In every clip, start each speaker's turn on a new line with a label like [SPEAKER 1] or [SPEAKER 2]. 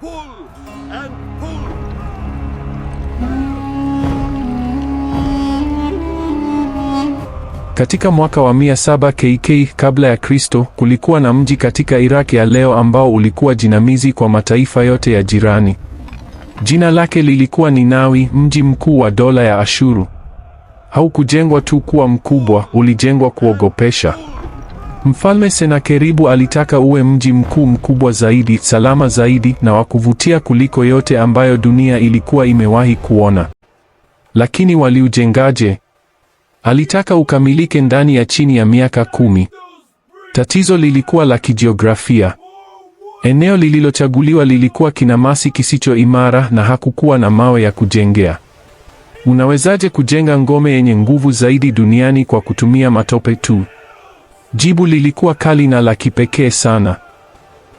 [SPEAKER 1] Pull and pull. Katika mwaka wa 700 KK kabla ya Kristo, kulikuwa na mji katika Iraq ya leo ambao ulikuwa jinamizi kwa mataifa yote ya jirani. Jina lake lilikuwa Ninawi, mji mkuu wa dola ya Ashuru. Haukujengwa tu kuwa mkubwa, ulijengwa kuogopesha. Mfalme Senakeribu alitaka uwe mji mkuu mkubwa zaidi, salama zaidi na wa kuvutia kuliko yote ambayo dunia ilikuwa imewahi kuona. Lakini waliujengaje? Alitaka ukamilike ndani ya chini ya miaka kumi. Tatizo lilikuwa la kijiografia. Eneo lililochaguliwa lilikuwa kinamasi kisicho imara na hakukuwa na mawe ya kujengea. Unawezaje kujenga ngome yenye nguvu zaidi duniani kwa kutumia matope tu? Jibu lilikuwa kali na la kipekee sana.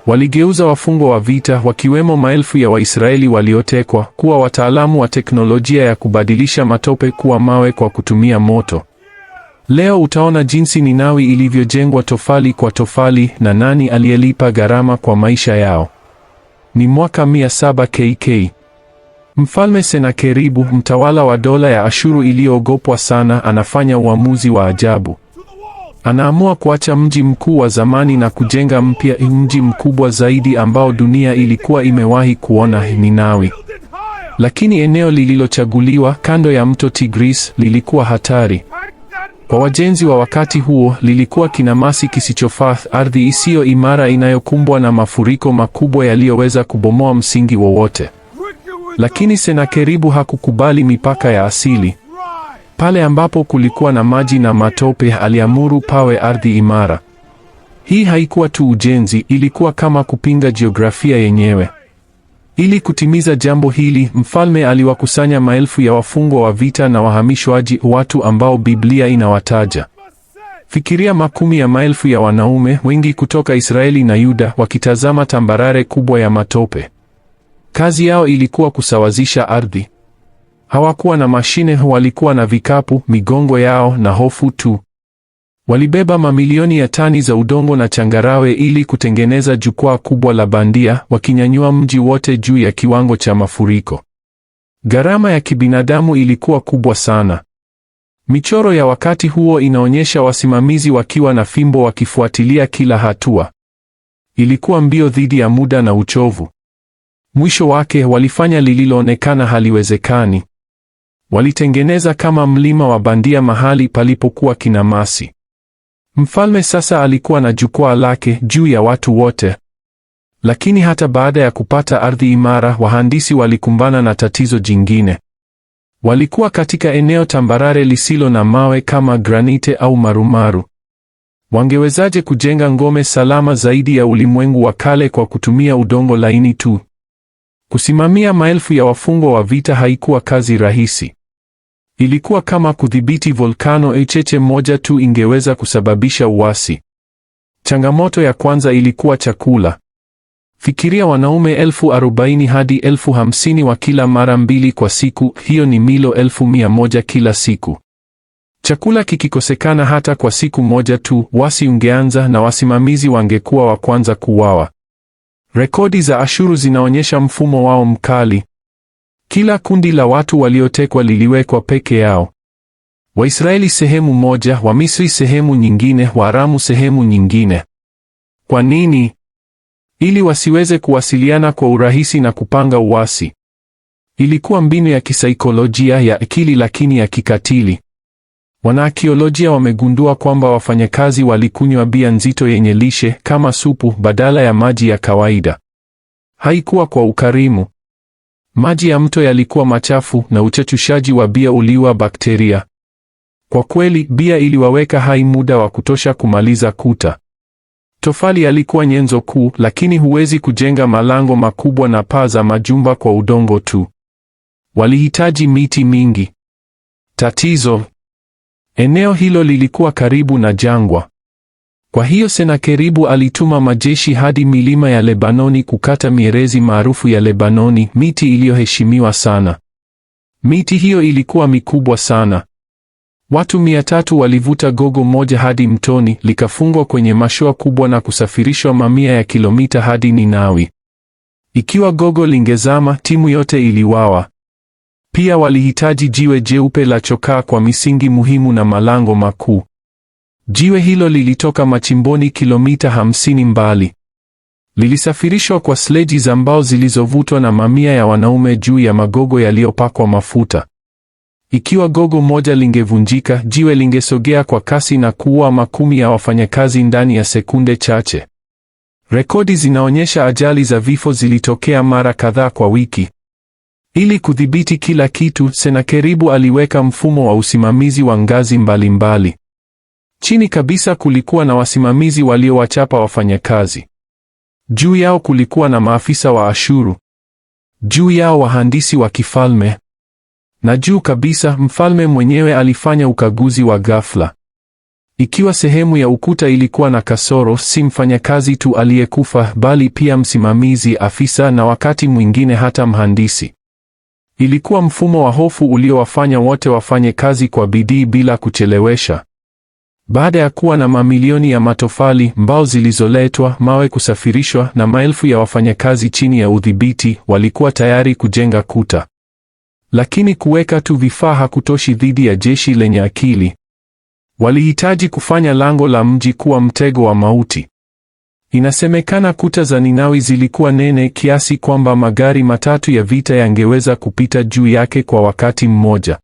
[SPEAKER 1] Waligeuza wafungwa wa vita, wakiwemo maelfu ya Waisraeli waliotekwa, kuwa wataalamu wa teknolojia ya kubadilisha matope kuwa mawe kwa kutumia moto. Leo utaona jinsi Ninawi ilivyojengwa tofali kwa tofali na nani aliyelipa gharama kwa maisha yao. Ni mwaka 700 KK. Mfalme Senakeribu, mtawala wa dola ya Ashuru iliyogopwa sana, anafanya uamuzi wa ajabu. Anaamua kuacha mji mkuu wa zamani na kujenga mpya mji mkubwa zaidi ambao dunia ilikuwa imewahi kuona, Ninawi. Lakini eneo lililochaguliwa kando ya mto Tigris lilikuwa hatari. Kwa wajenzi wa wakati huo, lilikuwa kinamasi kisichofaa, ardhi isiyo imara inayokumbwa na mafuriko makubwa yaliyoweza kubomoa msingi wowote. Lakini Senakeribu hakukubali mipaka ya asili. Pale ambapo kulikuwa na maji na matope, aliamuru pawe ardhi imara. Hii haikuwa tu ujenzi, ilikuwa kama kupinga jiografia yenyewe. Ili kutimiza jambo hili, mfalme aliwakusanya maelfu ya wafungwa wa vita na wahamishwaji, watu ambao Biblia inawataja. Fikiria makumi ya maelfu ya wanaume, wengi kutoka Israeli na Yuda, wakitazama tambarare kubwa ya matope. Kazi yao ilikuwa kusawazisha ardhi. Hawakuwa na mashine, walikuwa na vikapu, migongo yao na hofu tu. Walibeba mamilioni ya tani za udongo na changarawe ili kutengeneza jukwaa kubwa la bandia, wakinyanyua mji wote juu ya kiwango cha mafuriko. Gharama ya kibinadamu ilikuwa kubwa sana. Michoro ya wakati huo inaonyesha wasimamizi wakiwa na fimbo wakifuatilia kila hatua. Ilikuwa mbio dhidi ya muda na uchovu. Mwisho wake walifanya lililoonekana haliwezekani. Walitengeneza kama mlima wa bandia mahali palipokuwa kinamasi. Mfalme sasa alikuwa na jukwaa lake juu ya watu wote. Lakini hata baada ya kupata ardhi imara, wahandisi walikumbana na tatizo jingine. Walikuwa katika eneo tambarare lisilo na mawe kama granite au marumaru. Wangewezaje kujenga ngome salama zaidi ya ulimwengu wa kale kwa kutumia udongo laini tu? Kusimamia maelfu ya wafungwa wa vita haikuwa kazi rahisi. Ilikuwa kama kudhibiti volkano, echeche moja tu ingeweza kusababisha uasi. Changamoto ya kwanza ilikuwa chakula. Fikiria wanaume elfu arobaini hadi elfu hamsini wa kila mara mbili kwa siku, hiyo ni milo elfu mia moja kila siku. Chakula kikikosekana hata kwa siku moja tu, wasi ungeanza na wasimamizi wangekuwa wa kwanza kuuawa. Rekodi za Ashuru zinaonyesha mfumo wao mkali. Kila kundi la watu waliotekwa liliwekwa peke yao. Waisraeli sehemu moja, Wamisri sehemu nyingine, Waaramu sehemu nyingine. Kwa nini? Ili wasiweze kuwasiliana kwa urahisi na kupanga uasi. Ilikuwa mbinu ya kisaikolojia ya akili lakini ya kikatili. Wanaakiolojia wamegundua kwamba wafanyakazi walikunywa bia nzito yenye lishe kama supu badala ya maji ya kawaida. Haikuwa kwa ukarimu. Maji ya mto yalikuwa machafu na uchachushaji wa bia uliwa bakteria. Kwa kweli, bia iliwaweka hai muda wa kutosha kumaliza kuta. Tofali yalikuwa nyenzo kuu, lakini huwezi kujenga malango makubwa na paa za majumba kwa udongo tu. Walihitaji miti mingi. Tatizo, eneo hilo lilikuwa karibu na jangwa. Kwa hiyo Senakeribu alituma majeshi hadi milima ya Lebanoni kukata mierezi maarufu ya Lebanoni, miti iliyoheshimiwa sana. Miti hiyo ilikuwa mikubwa sana. Watu mia tatu walivuta gogo moja hadi mtoni, likafungwa kwenye mashua kubwa na kusafirishwa mamia ya kilomita hadi Ninawi. Ikiwa gogo lingezama, timu yote iliwawa. Pia walihitaji jiwe jeupe la chokaa kwa misingi muhimu na malango makuu. Jiwe hilo lilitoka machimboni kilomita hamsini mbali. Lilisafirishwa kwa sleji za mbao zilizovutwa na mamia ya wanaume juu ya magogo yaliyopakwa mafuta. Ikiwa gogo moja lingevunjika, jiwe lingesogea kwa kasi na kuua makumi ya wafanyakazi ndani ya sekunde chache. Rekodi zinaonyesha ajali za vifo zilitokea mara kadhaa kwa wiki. Ili kudhibiti kila kitu, Senakeribu aliweka mfumo wa usimamizi wa ngazi mbalimbali. Chini kabisa kulikuwa na wasimamizi waliowachapa wafanyakazi. Juu yao kulikuwa na maafisa wa Ashuru. Juu yao wahandisi wa kifalme. Na juu kabisa mfalme mwenyewe alifanya ukaguzi wa ghafla. Ikiwa sehemu ya ukuta ilikuwa na kasoro, si mfanyakazi tu aliyekufa, bali pia msimamizi, afisa na wakati mwingine hata mhandisi. Ilikuwa mfumo wa hofu uliowafanya wote wafanye kazi kwa bidii bila kuchelewesha. Baada ya kuwa na mamilioni ya matofali, mbao zilizoletwa, mawe kusafirishwa na maelfu ya wafanyakazi chini ya udhibiti, walikuwa tayari kujenga kuta. Lakini kuweka tu vifaa hakutoshi dhidi ya jeshi lenye akili. Walihitaji kufanya lango la mji kuwa mtego wa mauti. Inasemekana kuta za Ninawi zilikuwa nene kiasi kwamba magari matatu ya vita yangeweza kupita juu yake kwa wakati mmoja.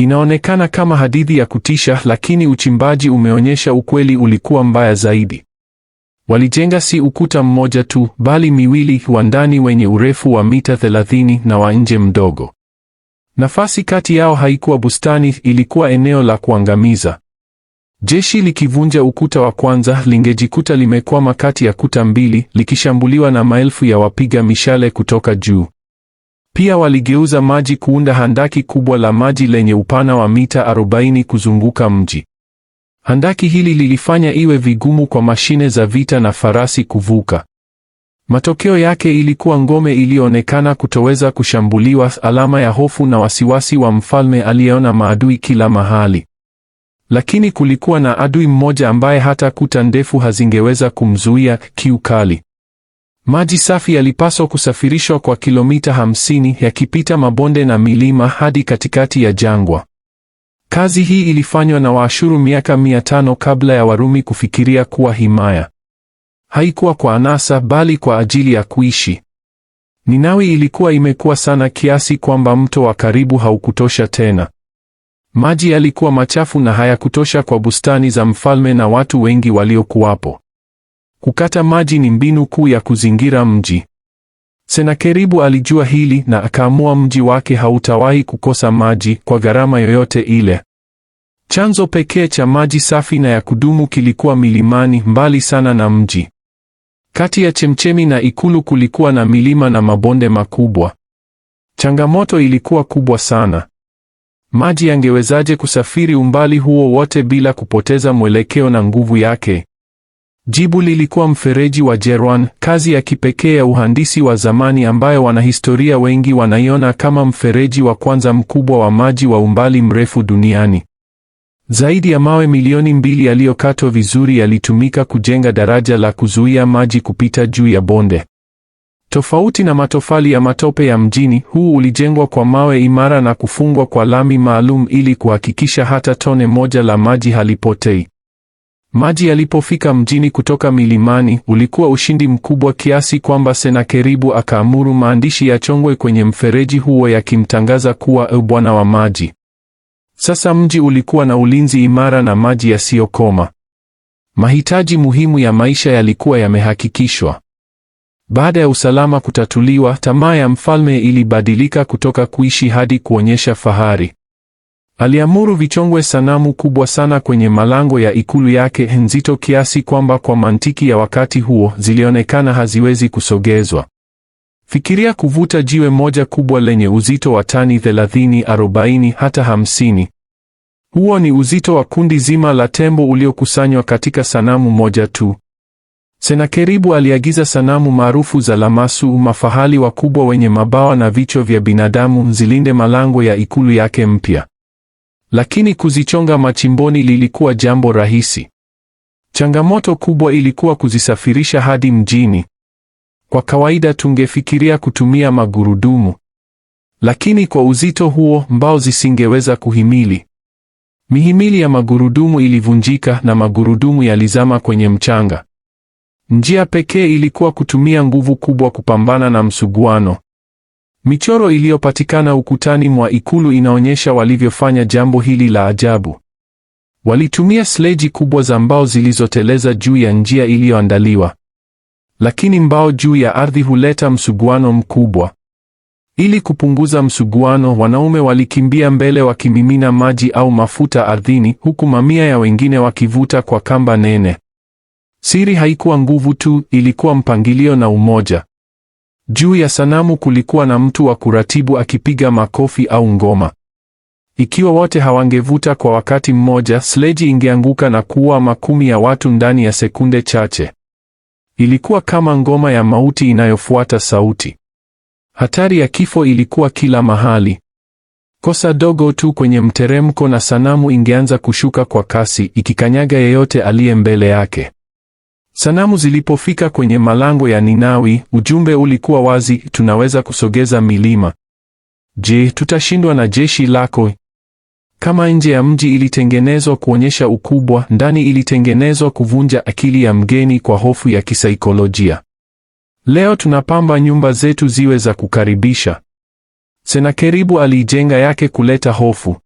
[SPEAKER 1] Inaonekana kama hadithi ya kutisha, lakini uchimbaji umeonyesha ukweli ulikuwa mbaya zaidi. Walijenga si ukuta mmoja tu, bali miwili, wa ndani wenye urefu wa mita 30 na wa nje mdogo. Nafasi kati yao haikuwa bustani, ilikuwa eneo la kuangamiza. Jeshi likivunja ukuta wa kwanza lingejikuta limekwama kati ya kuta mbili, likishambuliwa na maelfu ya wapiga mishale kutoka juu. Pia waligeuza maji kuunda handaki kubwa la maji lenye upana wa mita 40 kuzunguka mji. Handaki hili lilifanya iwe vigumu kwa mashine za vita na farasi kuvuka. Matokeo yake ilikuwa ngome iliyoonekana kutoweza kushambuliwa, alama ya hofu na wasiwasi wa mfalme aliyeona maadui kila mahali. Lakini kulikuwa na adui mmoja ambaye hata kuta ndefu hazingeweza kumzuia, kiukali Maji safi yalipaswa kusafirishwa kwa kilomita hamsini yakipita mabonde na milima hadi katikati ya jangwa. Kazi hii ilifanywa na Waashuru miaka mia tano kabla ya Warumi kufikiria kuwa himaya. Haikuwa kwa anasa bali kwa ajili ya kuishi. Ninawi ilikuwa imekuwa sana kiasi kwamba mto wa karibu haukutosha tena. Maji yalikuwa machafu na hayakutosha kwa bustani za mfalme na watu wengi waliokuwapo. Kukata maji ni mbinu kuu ya kuzingira mji. Senakeribu alijua hili na akaamua mji wake hautawahi kukosa maji kwa gharama yoyote ile. Chanzo pekee cha maji safi na ya kudumu kilikuwa milimani, mbali sana na mji. Kati ya chemchemi na ikulu kulikuwa na milima na mabonde makubwa. Changamoto ilikuwa kubwa sana. Maji yangewezaje kusafiri umbali huo wote bila kupoteza mwelekeo na nguvu yake? Jibu lilikuwa mfereji wa jerwan kazi ya kipekee ya uhandisi wa zamani ambayo wanahistoria wengi wanaiona kama mfereji wa kwanza mkubwa wa maji wa umbali mrefu duniani. Zaidi ya mawe milioni mbili yaliyokatwa vizuri yalitumika kujenga daraja la kuzuia maji kupita juu ya bonde. Tofauti na matofali ya matope ya mjini, huu ulijengwa kwa mawe imara na kufungwa kwa lami maalum ili kuhakikisha hata tone moja la maji halipotei. Maji yalipofika mjini kutoka milimani, ulikuwa ushindi mkubwa kiasi kwamba Senakeribu akaamuru maandishi yachongwe kwenye mfereji huo yakimtangaza kuwa e bwana wa maji. Sasa mji ulikuwa na ulinzi imara na maji yasiyokoma. Mahitaji muhimu ya maisha yalikuwa yamehakikishwa. Baada ya usalama kutatuliwa, tamaa ya mfalme ilibadilika kutoka kuishi hadi kuonyesha fahari. Aliamuru vichongwe sanamu kubwa sana kwenye malango ya ikulu yake nzito kiasi kwamba kwa mantiki ya wakati huo zilionekana haziwezi kusogezwa. Fikiria kuvuta jiwe moja kubwa lenye uzito wa tani 30, 40 hata 50. Huo ni uzito wa kundi zima la tembo uliokusanywa katika sanamu moja tu. Senakeribu aliagiza sanamu maarufu za lamasu, mafahali wakubwa wenye mabawa na vichwa vya binadamu, zilinde malango ya ikulu yake mpya. Lakini kuzichonga machimboni lilikuwa jambo rahisi. Changamoto kubwa ilikuwa kuzisafirisha hadi mjini. Kwa kawaida tungefikiria kutumia magurudumu, lakini kwa uzito huo mbao zisingeweza kuhimili. Mihimili ya magurudumu ilivunjika na magurudumu yalizama kwenye mchanga. Njia pekee ilikuwa kutumia nguvu kubwa kupambana na msuguano. Michoro iliyopatikana ukutani mwa ikulu inaonyesha walivyofanya jambo hili la ajabu. Walitumia sleji kubwa za mbao zilizoteleza juu ya njia iliyoandaliwa. Lakini mbao juu ya ardhi huleta msuguano mkubwa. Ili kupunguza msuguano, wanaume walikimbia mbele wakimimina maji au mafuta ardhini, huku mamia ya wengine wakivuta kwa kamba nene. Siri haikuwa nguvu tu, ilikuwa mpangilio na umoja. Juu ya sanamu kulikuwa na mtu wa kuratibu akipiga makofi au ngoma. Ikiwa wote hawangevuta kwa wakati mmoja, sleji ingeanguka na kuua makumi ya watu ndani ya sekunde chache. Ilikuwa kama ngoma ya mauti inayofuata sauti. Hatari ya kifo ilikuwa kila mahali. Kosa dogo tu kwenye mteremko na sanamu ingeanza kushuka kwa kasi, ikikanyaga yeyote aliye mbele yake. Sanamu zilipofika kwenye malango ya Ninawi, ujumbe ulikuwa wazi, tunaweza kusogeza milima. Je, tutashindwa na jeshi lako? Kama nje ya mji ilitengenezwa kuonyesha ukubwa, ndani ilitengenezwa kuvunja akili ya mgeni kwa hofu ya kisaikolojia. Leo tunapamba nyumba zetu ziwe za kukaribisha. Senakeribu aliijenga yake kuleta hofu.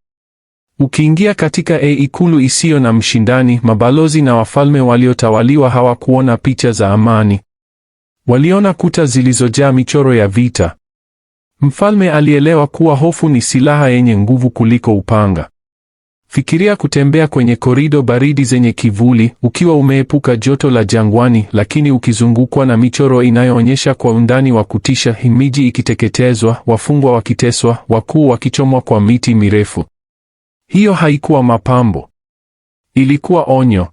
[SPEAKER 1] Ukiingia katika e ikulu isiyo na mshindani, mabalozi na wafalme waliotawaliwa hawakuona picha za amani. Waliona kuta zilizojaa michoro ya vita. Mfalme alielewa kuwa hofu ni silaha yenye nguvu kuliko upanga. Fikiria kutembea kwenye korido baridi zenye kivuli, ukiwa umeepuka joto la jangwani, lakini ukizungukwa na michoro inayoonyesha kwa undani wa kutisha, miji ikiteketezwa, wafungwa wakiteswa, wakuu wakichomwa kwa miti mirefu. Hiyo haikuwa mapambo, ilikuwa onyo.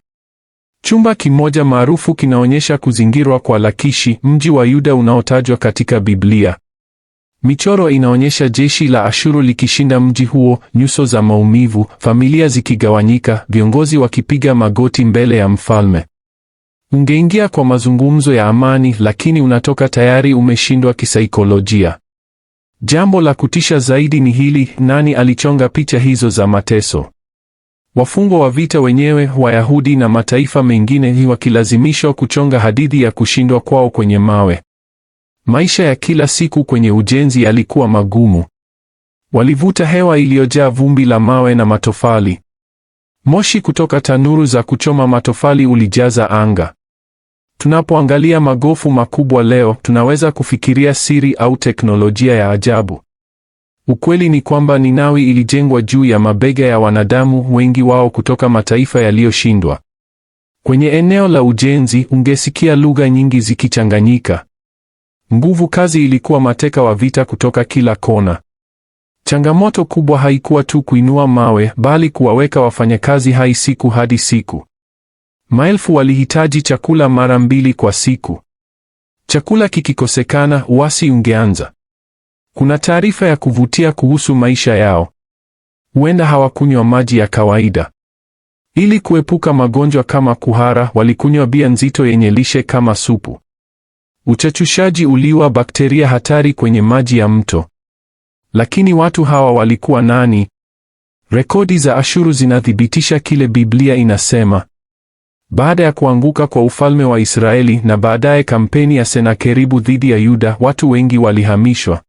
[SPEAKER 1] Chumba kimoja maarufu kinaonyesha kuzingirwa kwa Lakishi, mji wa Yuda unaotajwa katika Biblia. Michoro inaonyesha jeshi la Ashuru likishinda mji huo, nyuso za maumivu, familia zikigawanyika, viongozi wakipiga magoti mbele ya mfalme. Ungeingia kwa mazungumzo ya amani, lakini unatoka tayari umeshindwa kisaikolojia. Jambo la kutisha zaidi ni hili, nani alichonga picha hizo za mateso? Wafungwa wa vita wenyewe, Wayahudi na mataifa mengine wakilazimishwa kuchonga hadithi ya kushindwa kwao kwenye mawe. Maisha ya kila siku kwenye ujenzi yalikuwa magumu. Walivuta hewa iliyojaa vumbi la mawe na matofali. Moshi kutoka tanuru za kuchoma matofali ulijaza anga. Tunapoangalia magofu makubwa leo, tunaweza kufikiria siri au teknolojia ya ajabu. Ukweli ni kwamba Ninawi ilijengwa juu ya mabega ya wanadamu, wengi wao kutoka mataifa yaliyoshindwa. Kwenye eneo la ujenzi, ungesikia lugha nyingi zikichanganyika. Nguvu kazi ilikuwa mateka wa vita kutoka kila kona. Changamoto kubwa haikuwa tu kuinua mawe, bali kuwaweka wafanyakazi hai siku hadi siku. Maelfu walihitaji chakula mara mbili kwa siku. Chakula kikikosekana, uasi ungeanza. Kuna taarifa ya kuvutia kuhusu maisha yao. Huenda hawakunywa maji ya kawaida. Ili kuepuka magonjwa kama kuhara, walikunywa bia nzito yenye lishe kama supu. Uchachushaji uliwa bakteria hatari kwenye maji ya mto. Lakini watu hawa walikuwa nani? Rekodi za Ashuru zinathibitisha kile Biblia inasema. Baada ya kuanguka kwa ufalme wa Israeli na baadaye kampeni ya Senakeribu dhidi ya Yuda, watu wengi walihamishwa.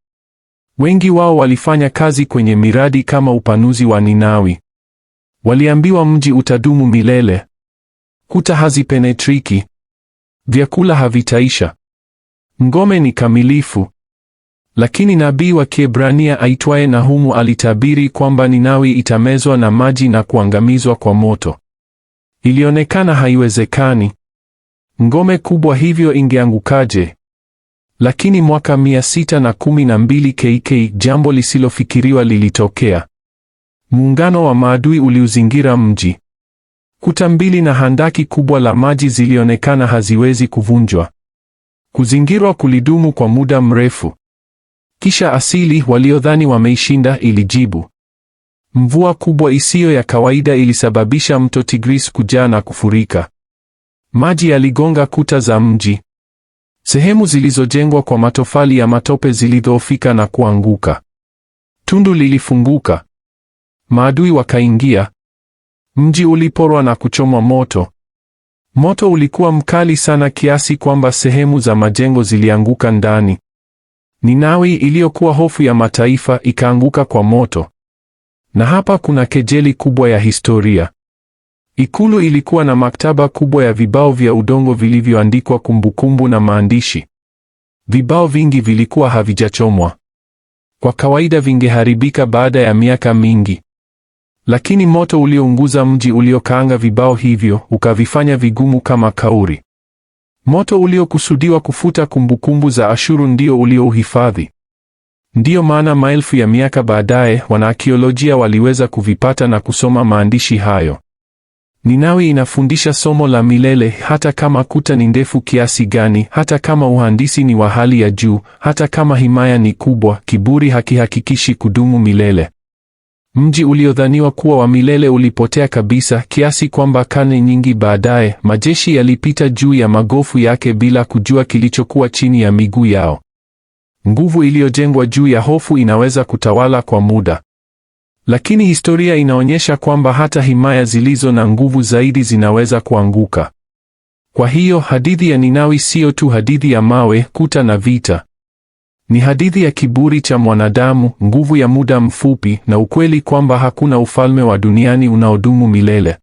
[SPEAKER 1] Wengi wao walifanya kazi kwenye miradi kama upanuzi wa Ninawi. Waliambiwa mji utadumu milele, kuta hazipenetriki, vyakula havitaisha, ngome ni kamilifu. Lakini nabii wa Kiebrania aitwaye Nahumu alitabiri kwamba Ninawi itamezwa na maji na kuangamizwa kwa moto. Ilionekana haiwezekani. Ngome kubwa hivyo ingeangukaje? Lakini mwaka 612 mbili KK jambo lisilofikiriwa lilitokea. Muungano wa maadui uliuzingira mji. Kuta mbili na handaki kubwa la maji zilionekana haziwezi kuvunjwa. Kuzingirwa kulidumu kwa muda mrefu. Kisha asili, waliodhani wameishinda, ilijibu. Mvua kubwa isiyo ya kawaida ilisababisha mto Tigris kujaa na kufurika. Maji yaligonga kuta za mji. Sehemu zilizojengwa kwa matofali ya matope zilidhoofika na kuanguka. Tundu lilifunguka. Maadui wakaingia. Mji uliporwa na kuchomwa moto. Moto ulikuwa mkali sana kiasi kwamba sehemu za majengo zilianguka ndani. Ninawi iliyokuwa hofu ya mataifa ikaanguka kwa moto. Na hapa kuna kejeli kubwa ya historia. Ikulu ilikuwa na maktaba kubwa ya vibao vya udongo vilivyoandikwa kumbukumbu na maandishi. Vibao vingi vilikuwa havijachomwa. Kwa kawaida vingeharibika baada ya miaka mingi. Lakini moto uliounguza mji uliokaanga vibao hivyo ukavifanya vigumu kama kauri. Moto uliokusudiwa kufuta kumbukumbu za Ashuru ndio uliouhifadhi. Ndiyo maana maelfu ya miaka baadaye wanaakiolojia waliweza kuvipata na kusoma maandishi hayo. Ninawi inafundisha somo la milele, hata kama kuta ni ndefu kiasi gani, hata kama uhandisi ni wa hali ya juu, hata kama himaya ni kubwa, kiburi hakihakikishi kudumu milele. Mji uliodhaniwa kuwa wa milele ulipotea kabisa, kiasi kwamba karne nyingi baadaye majeshi yalipita juu ya magofu yake bila kujua kilichokuwa chini ya miguu yao. Nguvu iliyojengwa juu ya hofu inaweza kutawala kwa muda, lakini historia inaonyesha kwamba hata himaya zilizo na nguvu zaidi zinaweza kuanguka. Kwa hiyo hadithi ya Ninawi siyo tu hadithi ya mawe, kuta na vita. Ni hadithi ya kiburi cha mwanadamu, nguvu ya muda mfupi, na ukweli kwamba hakuna ufalme wa duniani unaodumu milele.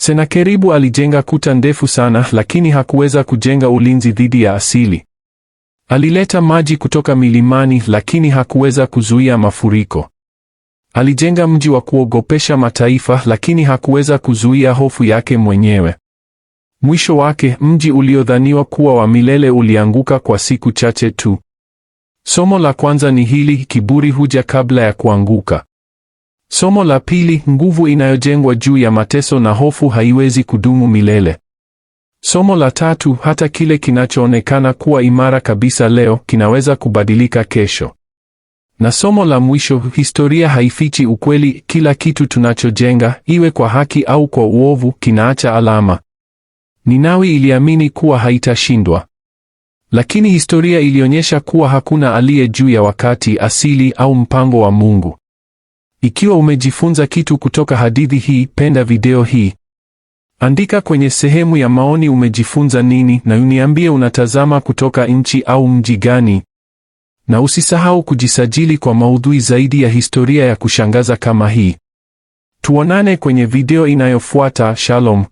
[SPEAKER 1] Senakeribu alijenga kuta ndefu sana, lakini hakuweza kujenga ulinzi dhidi ya asili. Alileta maji kutoka milimani, lakini hakuweza kuzuia mafuriko. Alijenga mji wa kuogopesha mataifa, lakini hakuweza kuzuia hofu yake mwenyewe. Mwisho wake, mji uliodhaniwa kuwa wa milele ulianguka kwa siku chache tu. Somo la kwanza ni hili: kiburi huja kabla ya kuanguka. Somo la pili, nguvu inayojengwa juu ya mateso na hofu haiwezi kudumu milele. Somo la tatu, hata kile kinachoonekana kuwa imara kabisa leo kinaweza kubadilika kesho. Na somo la mwisho, historia haifichi ukweli. Kila kitu tunachojenga, iwe kwa haki au kwa uovu, kinaacha alama. Ninawi iliamini kuwa haitashindwa. Lakini historia ilionyesha kuwa hakuna aliye juu ya wakati, asili au mpango wa Mungu. Ikiwa umejifunza kitu kutoka hadithi hii, penda video hii. Andika kwenye sehemu ya maoni umejifunza nini na uniambie unatazama kutoka nchi au mji gani. Na usisahau kujisajili kwa maudhui zaidi ya historia ya kushangaza kama hii. Tuonane kwenye video inayofuata. Shalom.